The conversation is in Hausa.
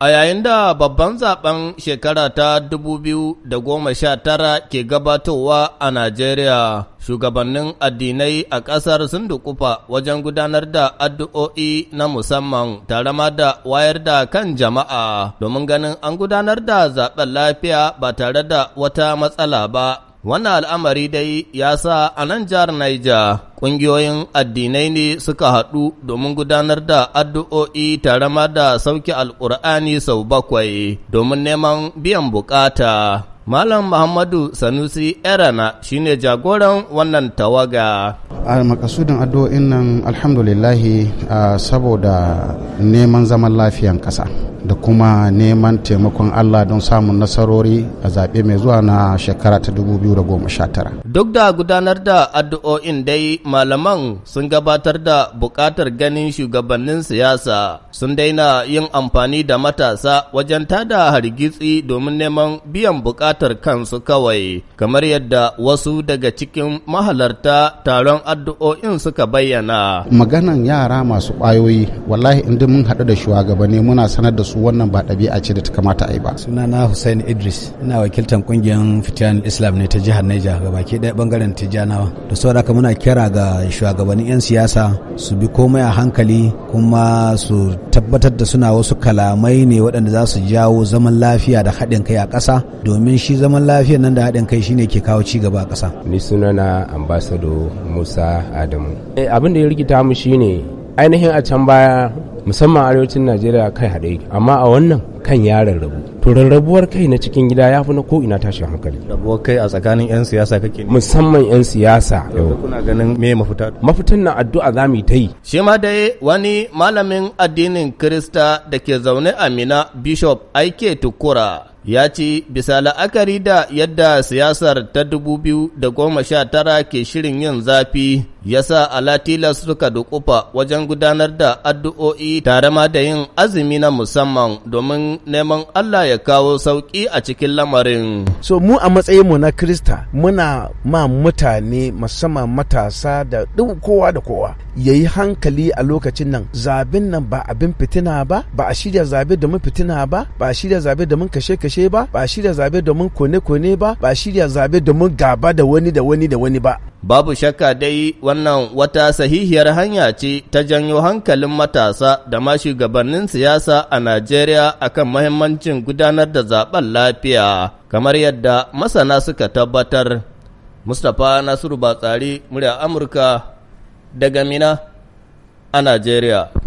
A yayin da babban zaben shekara ta 2019 ke gabatowa a Najeriya, shugabannin addinai a ƙasar sun dukufa wajen gudanar da addu'o'i na musamman tare ma da wayar da kan jama'a domin ganin an gudanar da zaben lafiya ba tare da wata matsala ba. Wannan al'amari dai ya sa a nan jihar Naija ƙungiyoyin addinai ne suka haɗu domin gudanar da addu'o'i tare ma da sauke al'ur'ani sau bakwai domin neman biyan buƙata. Malam Muhammadu Sanusi Erana shine jagoran wannan tawaga. A makasudin addu'o'in nan alhamdulillahi saboda neman zaman lafiyan ƙasa da kuma neman taimakon Allah don samun nasarori a zaɓe mai zuwa na shekara ta 2019. Duk da gudanar da addu'o'in dai malaman sun gabatar da buƙatar ganin shugabannin siyasa sun daina yin amfani da matasa wajen tada hargitsi domin neman biyan buƙatar satar kansu kawai, kamar yadda wasu daga cikin mahalarta taron addu'o'in suka bayyana. Maganan yara masu ƙwayoyi, wallahi inda mun haɗu da shugabanni muna sanar da su wannan ba ɗabi'a ce da ta kamata a yi ba. Sunana Hussein Idris, ina wakiltar ƙungiyar Fitiyan Islam ne ta jihar Naija, ga baki ɗaya ɓangaren Tijjanawa. Da saboda muna kira ga shugabannin 'yan siyasa su bi komai a hankali kuma su tabbatar da suna wasu kalamai ne waɗanda za su jawo zaman lafiya da haɗin kai a ƙasa domin shi zaman lafiyar nan da haɗin kai shine ke kawo ci gaba a ƙasa ni sunana ambasado musa adamu eh, abin da ya rikita mu shine ainihin a can baya musamman arewacin najeriya kai haɗe amma a wannan kan ya rarrabu to rarrabuwar kai na cikin gida ya fi na ko ina tashin hankali rarrabuwar kai a tsakanin yan siyasa kake musamman yan siyasa kuna ganin me mafita mafitan na addu'a za mu ta yi shi ma dai wani malamin addinin kirista da ke zaune a mina bishop aike tukura ya ce bisa la'akari da yadda siyasar ta 2019 ke shirin yin zafi ya sa Alatila suka dukufa wajen gudanar da addu'o'i tare ma da yin azumi na musamman domin neman Allah ya kawo sauƙi a cikin lamarin. So mu a matsayinmu na Krista muna ma mutane musamman matasa da duk kowa da kowa ya yi hankali a lokacin nan zaben nan ba abin fitina ba ba a shirya zabe domin fitina ba ba a shirya zabe domin kashe-kashe ba ba a shirya zabe domin kone-kone ba ba a shirya zabe domin gaba da wani da wani da wani ba Babu shakka dai wannan wata sahihiyar hanya ce ta janyo hankalin matasa da ma shugabannin siyasa a Najeriya akan mahimmancin gudanar da zaben lafiya, kamar yadda masana suka tabbatar. Mustapha Nasiru Batsari, murya Amurka daga Mina a Najeriya.